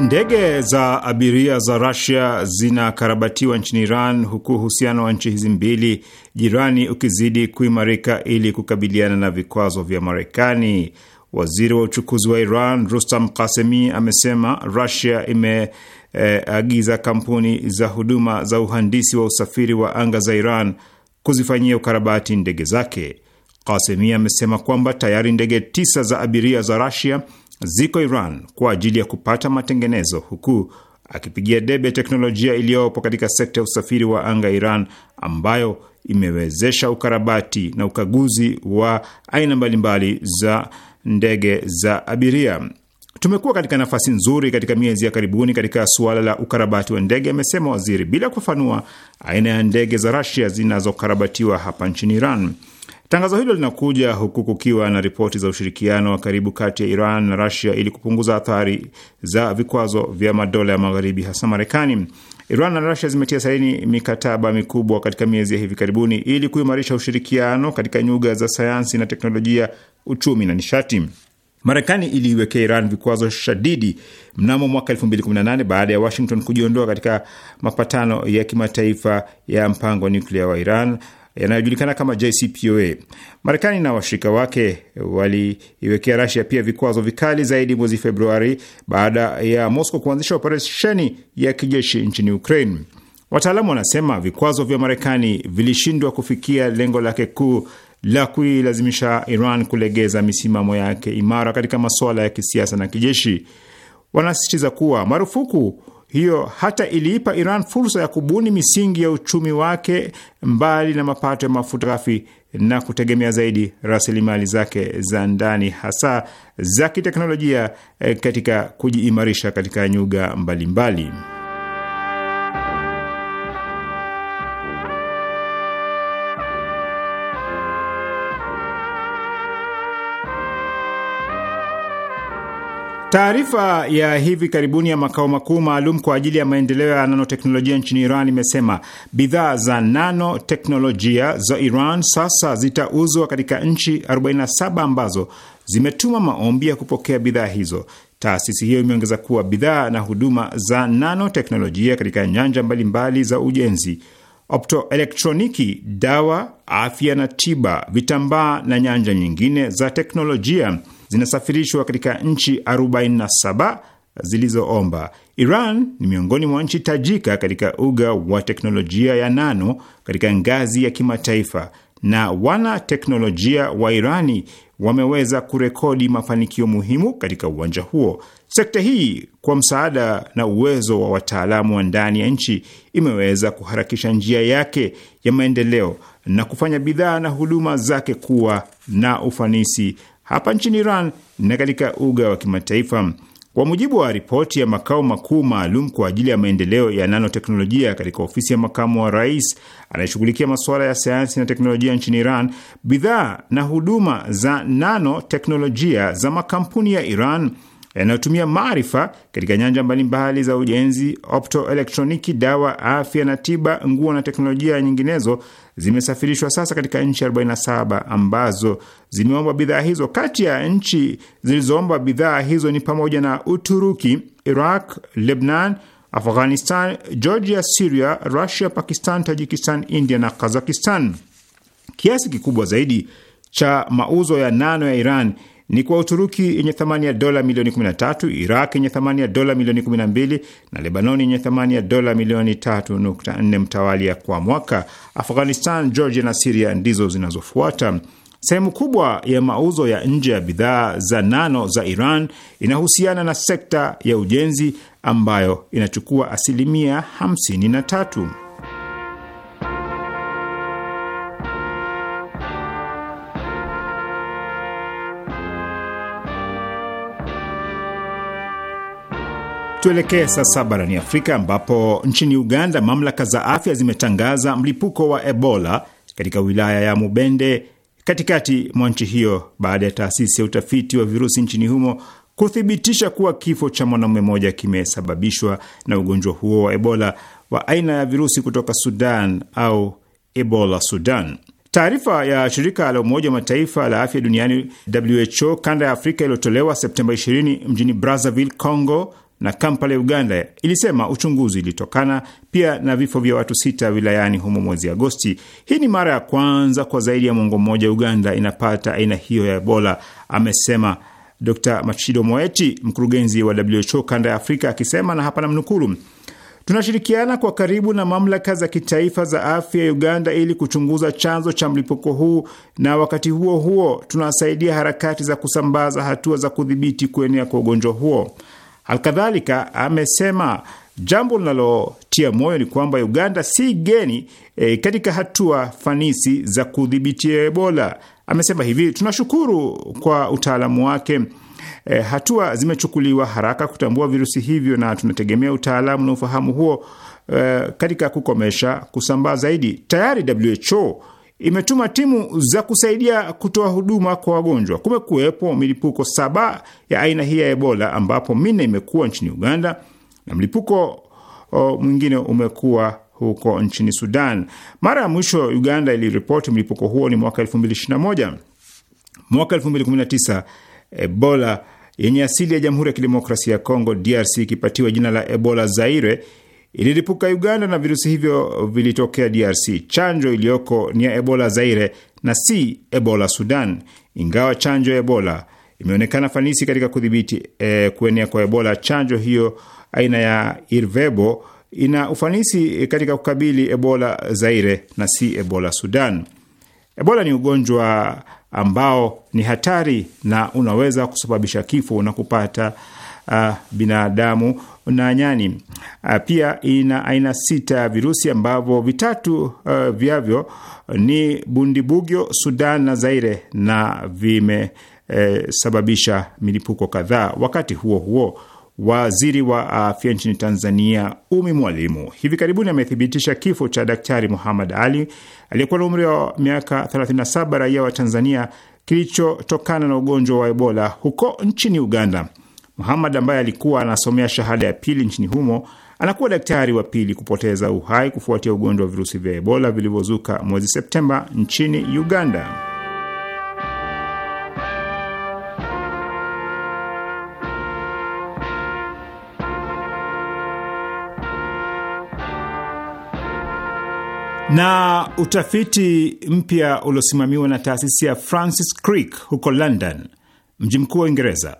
Ndege za abiria za Rasia zinakarabatiwa nchini Iran, huku uhusiano wa nchi hizi mbili jirani ukizidi kuimarika ili kukabiliana na vikwazo vya Marekani. Waziri wa uchukuzi wa Iran Rustam Kasemi amesema Rasia imeagiza e, kampuni za huduma za uhandisi wa usafiri wa anga za Iran kuzifanyia ukarabati ndege zake. Kasemi amesema kwamba tayari ndege tisa za abiria za Rasia ziko Iran kwa ajili ya kupata matengenezo, huku akipigia debe teknolojia iliyopo katika sekta ya usafiri wa anga Iran ambayo imewezesha ukarabati na ukaguzi wa aina mbalimbali za ndege za abiria. Tumekuwa katika nafasi nzuri katika miezi ya karibuni katika suala la ukarabati wa ndege, amesema waziri, bila kufafanua aina ya ndege za Rasia zinazokarabatiwa hapa nchini Iran. Tangazo hilo linakuja huku kukiwa na ripoti za ushirikiano wa karibu kati ya Iran na Rusia ili kupunguza athari za vikwazo vya madola ya magharibi hasa Marekani. Iran na Rusia zimetia saini mikataba mikubwa katika miezi ya hivi karibuni ili kuimarisha ushirikiano katika nyuga za sayansi na teknolojia, uchumi na nishati. Marekani iliiwekea Iran vikwazo shadidi mnamo mwaka 2018 baada ya Washington kujiondoa katika mapatano ya kimataifa ya mpango wa nyuklia wa Iran yanayojulikana kama JCPOA. Marekani na washirika wake waliiwekea Rasia pia vikwazo vikali zaidi mwezi Februari baada ya Moscow kuanzisha operesheni ya kijeshi nchini Ukraine. Wataalamu wanasema vikwazo vya Marekani vilishindwa kufikia lengo lake kuu la kuilazimisha Iran kulegeza misimamo yake imara katika masuala ya kisiasa na kijeshi. Wanasisitiza kuwa marufuku hiyo hata iliipa Iran fursa ya kubuni misingi ya uchumi wake mbali na mapato ya mafuta ghafi na kutegemea zaidi rasilimali zake za ndani hasa za kiteknolojia eh, katika kujiimarisha katika nyuga mbalimbali mbali. Taarifa ya hivi karibuni ya makao makuu maalum kwa ajili ya maendeleo ya nanoteknolojia nchini Iran imesema bidhaa za nanoteknolojia za Iran sasa zitauzwa katika nchi 47 ambazo zimetuma maombi ya kupokea bidhaa hizo. Taasisi hiyo imeongeza kuwa bidhaa na huduma za nanoteknolojia katika nyanja mbalimbali za ujenzi, optoelektroniki, dawa, afya na tiba, vitambaa na nyanja nyingine za teknolojia zinasafirishwa katika nchi 47 zilizoomba. Iran ni miongoni mwa nchi tajika katika uga wa teknolojia ya nano katika ngazi ya kimataifa, na wanateknolojia wa Irani wameweza kurekodi mafanikio muhimu katika uwanja huo. Sekta hii kwa msaada na uwezo wa wataalamu wa ndani ya nchi imeweza kuharakisha njia yake ya maendeleo na kufanya bidhaa na huduma zake kuwa na ufanisi hapa nchini Iran na katika uga wa kimataifa. Kwa mujibu wa ripoti ya makao makuu maalum kwa ajili ya maendeleo ya nanoteknolojia katika ofisi ya makamu wa rais anayeshughulikia masuala ya sayansi na teknolojia nchini Iran, bidhaa na huduma za nanoteknolojia za makampuni ya Iran yanayotumia maarifa katika nyanja mbalimbali za ujenzi, optoelektroniki, dawa, afya na tiba, nguo na teknolojia nyinginezo zimesafirishwa sasa katika nchi 47 ambazo zimeomba bidhaa hizo. Kati ya nchi zilizoomba bidhaa hizo ni pamoja na Uturuki, Iraq, Lebanon, Afghanistan, Georgia, Syria, Russia, Pakistan, Tajikistan, India na Kazakistan. Kiasi kikubwa zaidi cha mauzo ya nano ya Iran ni kwa Uturuki yenye thamani ya dola milioni 13, Iraq yenye thamani ya dola milioni 12 na Lebanoni yenye thamani ya dola milioni 3.4 mtawalia kwa mwaka. Afghanistan, Georgia na Siria ndizo zinazofuata. Sehemu kubwa ya mauzo ya nje ya bidhaa za nano za Iran inahusiana na sekta ya ujenzi ambayo inachukua asilimia 53. Tuelekee sasa barani Afrika ambapo nchini Uganda mamlaka za afya zimetangaza mlipuko wa Ebola katika wilaya ya Mubende katikati mwa nchi hiyo baada ya taasisi ya utafiti wa virusi nchini humo kuthibitisha kuwa kifo cha mwanamume mmoja kimesababishwa na ugonjwa huo wa Ebola wa aina ya virusi kutoka Sudan au Ebola Sudan. Taarifa ya shirika la Umoja wa Mataifa la afya duniani WHO kanda ya Afrika iliyotolewa Septemba 20 mjini Brazzaville, Congo na Kampala ya Uganda ilisema uchunguzi ilitokana pia na vifo vya watu sita wilayani humo mwezi Agosti. Hii ni mara ya kwanza kwa zaidi ya mwongo mmoja Uganda inapata aina hiyo ya Ebola, amesema Dr Machido Moeti, mkurugenzi wa WHO kanda ya Afrika, akisema na hapa namnukuru: tunashirikiana kwa karibu na mamlaka za kitaifa za afya ya Uganda ili kuchunguza chanzo cha mlipuko huu, na wakati huo huo tunasaidia harakati za kusambaza hatua za kudhibiti kuenea kwa ugonjwa huo. Alkadhalika amesema jambo linalotia moyo ni kwamba Uganda si geni e, katika hatua fanisi za kudhibiti Ebola. Amesema hivi, tunashukuru kwa utaalamu wake e, hatua zimechukuliwa haraka kutambua virusi hivyo na tunategemea utaalamu na ufahamu huo e, katika kukomesha kusambaa zaidi. Tayari WHO imetuma timu za kusaidia kutoa huduma kwa wagonjwa. Kumekuwepo milipuko saba ya aina hii ya Ebola, ambapo minne imekuwa nchini Uganda na mlipuko mwingine umekuwa huko nchini Sudan. Mara ya mwisho Uganda iliripoti mlipuko huo ni mwaka 2021. Mwaka 2019 Ebola yenye asili ya Jamhuri ya Kidemokrasia ya Kongo, DRC, ikipatiwa jina la Ebola Zaire ililipuka Uganda na virusi hivyo vilitokea DRC. Chanjo iliyoko ni ya Ebola Zaire na si Ebola Sudan, ingawa chanjo ya Ebola imeonekana fanisi katika kudhibiti e, kuenea kwa Ebola. Chanjo hiyo aina ya Irvebo ina ufanisi katika kukabili Ebola Zaire na si Ebola Sudan. Ebola ni ugonjwa ambao ni hatari na unaweza kusababisha kifo na kupata uh, binadamu na nyani. Ah, pia ina aina sita ya virusi ambavyo vitatu uh, vyavyo ni bundibugyo, Sudan na Zaire na vimesababisha eh, milipuko kadhaa. Wakati huo huo Waziri wa afya nchini Tanzania Umi Mwalimu hivi karibuni amethibitisha kifo cha Daktari Muhammad Ali aliyekuwa na umri wa miaka 37, raia wa Tanzania, kilichotokana na ugonjwa wa Ebola huko nchini Uganda. Muhammad ambaye alikuwa anasomea shahada ya pili nchini humo anakuwa daktari wa pili kupoteza uhai kufuatia ugonjwa wa virusi vya Ebola vilivyozuka mwezi Septemba nchini Uganda. na utafiti mpya uliosimamiwa na taasisi ya Francis Crick huko London, mji mkuu wa Uingereza,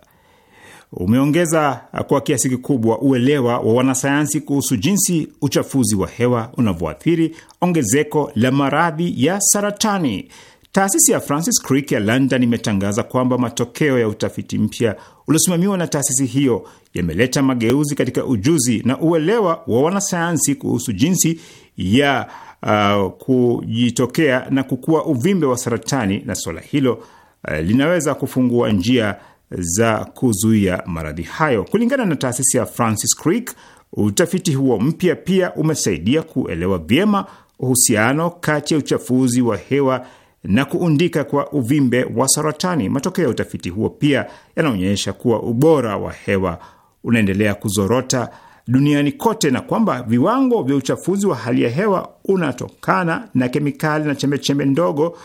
umeongeza kwa kiasi kikubwa uelewa wa wanasayansi kuhusu jinsi uchafuzi wa hewa unavyoathiri ongezeko la maradhi ya saratani. Taasisi ya Francis Crick ya London imetangaza kwamba matokeo ya utafiti mpya uliosimamiwa na taasisi hiyo yameleta mageuzi katika ujuzi na uelewa wa wanasayansi kuhusu jinsi ya uh, kujitokea na kukua uvimbe wa saratani, na suala hilo uh, linaweza kufungua njia za kuzuia maradhi hayo. Kulingana na taasisi ya Francis Crick, utafiti huo mpya pia umesaidia kuelewa vyema uhusiano kati ya uchafuzi wa hewa na kuundika kwa uvimbe wa saratani. Matokeo ya utafiti huo pia yanaonyesha kuwa ubora wa hewa unaendelea kuzorota duniani kote na kwamba viwango vya uchafuzi wa hali ya hewa unatokana na kemikali na chembechembe ndogo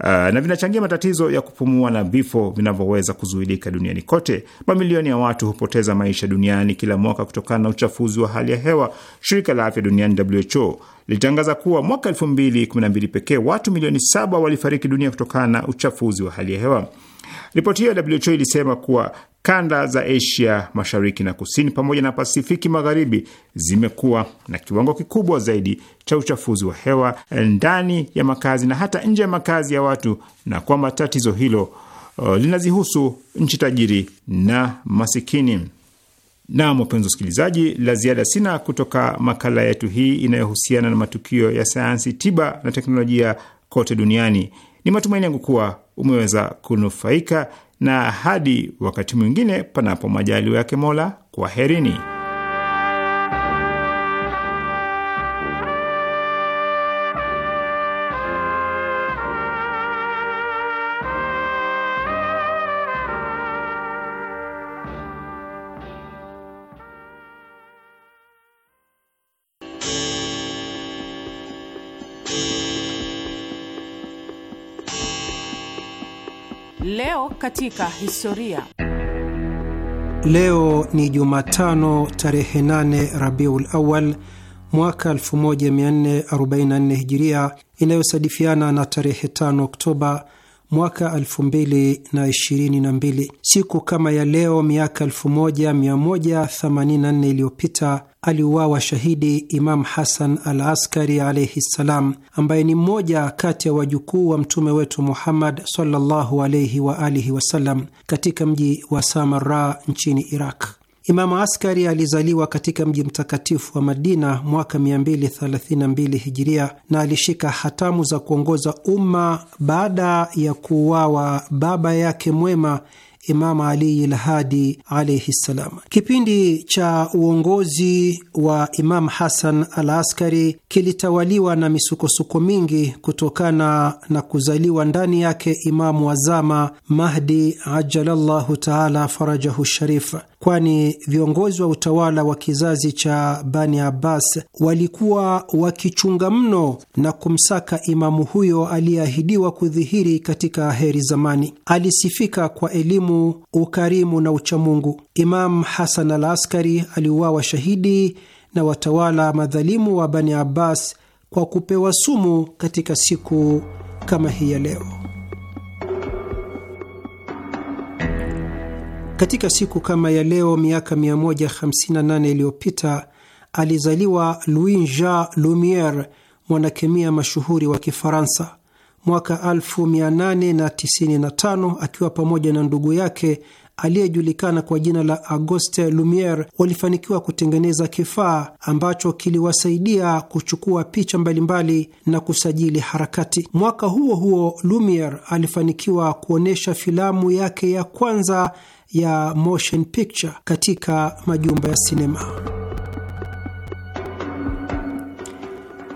uh, na vinachangia matatizo ya kupumua na vifo vinavyoweza kuzuilika duniani kote. Mamilioni ya watu hupoteza maisha duniani kila mwaka kutokana na uchafuzi wa hali ya hewa. Shirika la afya duniani WHO lilitangaza kuwa mwaka 2012 pekee watu milioni saba walifariki dunia kutokana na uchafuzi wa hali ya hewa. Ripoti hiyo ya WHO ilisema kuwa kanda za Asia mashariki na kusini pamoja na Pasifiki magharibi zimekuwa na kiwango kikubwa zaidi cha uchafuzi wa hewa ndani ya makazi na hata nje ya makazi ya watu, na kwamba tatizo hilo uh, linazihusu nchi tajiri na masikini. na wapenzi wasikilizaji, la ziada sina kutoka makala yetu hii inayohusiana na matukio ya sayansi, tiba na teknolojia kote duniani. Ni matumaini yangu kuwa umeweza kunufaika, na hadi wakati mwingine, panapo majaliwa yake Mola, kwaherini. Leo katika historia. Leo ni Jumatano tarehe 8 Rabiul Awal mwaka 1444 Hijiria, inayosadifiana na tarehe 5 Oktoba mwaka 2022. Siku kama ya leo miaka 1184 iliyopita aliuawa shahidi Imam Hasan al Askari alaihi ssalam, ambaye ni mmoja kati ya wajukuu wa mtume wetu Muhammad sallallahu alaihi waalihi wasallam katika mji wa Samarra nchini Iraq. Imamu Askari alizaliwa katika mji mtakatifu wa Madina mwaka 232 hijiria na alishika hatamu za kuongoza umma baada ya kuuawa baba yake mwema imamu Ali Lhadi alaihi ssalam. Kipindi cha uongozi wa imamu Hasan al Askari kilitawaliwa na misukosuko mingi kutokana na kuzaliwa ndani yake Imamu wazama Mahdi ajalallahu taala farajahu sharif kwani viongozi wa utawala wa kizazi cha Bani Abbas walikuwa wakichunga mno na kumsaka imamu huyo aliyeahidiwa kudhihiri katika heri zamani. Alisifika kwa elimu, ukarimu na uchamungu. Imamu Hasan al Askari aliuawa shahidi na watawala madhalimu wa Bani Abbas kwa kupewa sumu katika siku kama hii ya leo. Katika siku kama ya leo miaka 158 iliyopita alizaliwa Louis Jean Lumiere, mwanakemia mashuhuri wa Kifaransa. Mwaka 1895 akiwa pamoja na ndugu yake aliyejulikana kwa jina la Auguste Lumiere walifanikiwa kutengeneza kifaa ambacho kiliwasaidia kuchukua picha mbalimbali na kusajili harakati. Mwaka huo huo Lumiere alifanikiwa kuonyesha filamu yake ya kwanza ya motion picture katika majumba ya sinema.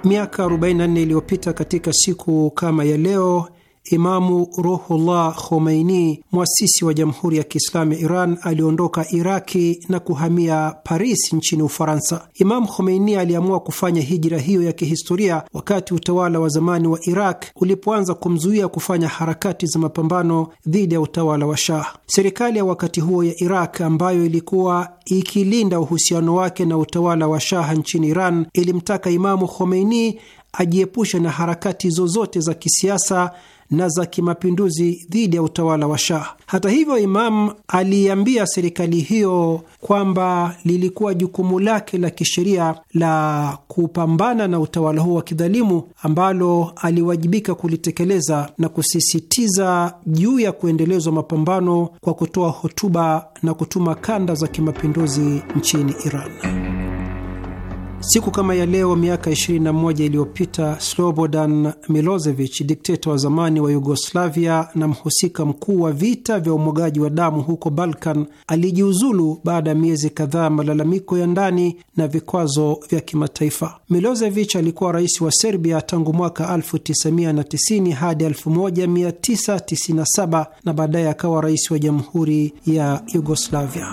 Miaka 44 iliyopita katika siku kama ya leo Imamu Ruhullah Khomeini, mwasisi wa Jamhuri ya Kiislamu ya Iran, aliondoka Iraki na kuhamia Paris nchini Ufaransa. Imamu Khomeini aliamua kufanya hijira hiyo ya kihistoria wakati utawala wa zamani wa Iraq ulipoanza kumzuia kufanya harakati za mapambano dhidi ya utawala wa Shah. Serikali ya wakati huo ya Iraq ambayo ilikuwa ikilinda uhusiano wake na utawala wa Shah nchini Iran ilimtaka Imamu Khomeini ajiepushe na harakati zozote za kisiasa na za kimapinduzi dhidi ya utawala wa Shah. Hata hivyo, Imam aliambia serikali hiyo kwamba lilikuwa jukumu lake la kisheria la kupambana na utawala huo wa kidhalimu ambalo aliwajibika kulitekeleza na kusisitiza juu ya kuendelezwa mapambano kwa kutoa hotuba na kutuma kanda za kimapinduzi nchini Iran. Siku kama ya leo miaka 21 iliyopita Slobodan Milosevic, dikteta wa zamani wa Yugoslavia na mhusika mkuu wa vita vya umwagaji wa damu huko Balkan, alijiuzulu baada ya miezi kadhaa malalamiko ya ndani na vikwazo vya kimataifa. Milosevic alikuwa rais wa Serbia tangu mwaka 1990 hadi 1997 na baadaye akawa rais wa jamhuri ya Yugoslavia.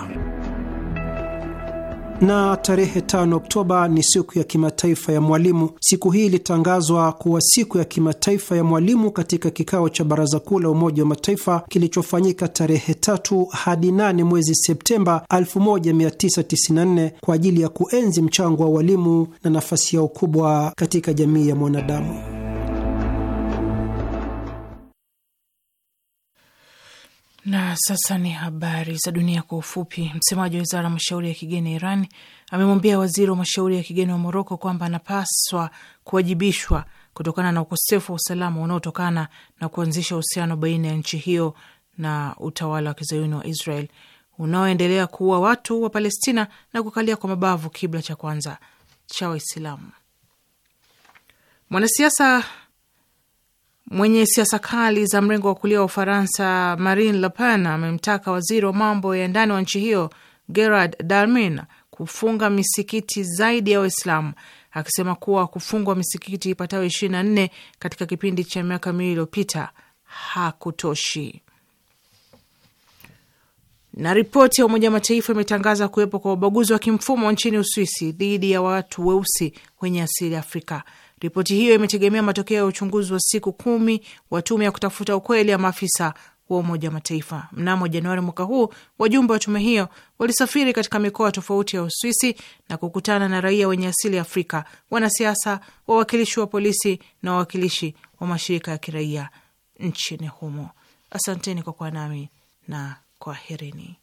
Na tarehe 5 Oktoba ni siku ya kimataifa ya mwalimu. Siku hii ilitangazwa kuwa siku ya kimataifa ya mwalimu katika kikao cha Baraza Kuu la Umoja wa Mataifa kilichofanyika tarehe tatu hadi nane mwezi Septemba 1994 kwa ajili ya kuenzi mchango wa walimu na nafasi yao kubwa katika jamii ya mwanadamu. Na sasa ni habari za dunia kwa ufupi. Msemaji wa wizara ya mashauri ya kigeni ya Iran amemwambia waziri wa mashauri ya kigeni wa Moroko kwamba anapaswa kuwajibishwa kutokana na ukosefu wa usalama unaotokana na kuanzisha uhusiano baina ya nchi hiyo na utawala wa kizayuni wa Israel unaoendelea kuua watu wa Palestina na kukalia kwa mabavu kibla cha kwanza cha Waislamu. Mwanasiasa Mwenye siasa kali za mrengo wa kulia wa Ufaransa, Marine Le Pen, amemtaka waziri wa mambo ya ndani wa nchi hiyo Gerard Darmin kufunga misikiti zaidi ya Waislamu, akisema kuwa kufungwa misikiti ipatayo 24 katika kipindi cha miaka miwili iliyopita hakutoshi. Na ripoti ya Umoja wa Mataifa imetangaza kuwepo kwa ubaguzi wa kimfumo nchini Uswisi dhidi ya watu weusi wenye asili ya Afrika. Ripoti hiyo imetegemea matokeo ya uchunguzi wa siku kumi wa tume ya kutafuta ukweli ya maafisa wa Umoja wa Mataifa. Mnamo Januari mwaka huu, wajumbe wa tume hiyo walisafiri katika mikoa tofauti ya Uswisi na kukutana na raia wenye asili ya Afrika, wanasiasa, wawakilishi wa polisi na wawakilishi wa mashirika ya kiraia nchini humo. Asanteni kwa kuwa nami na kwaherini.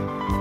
you.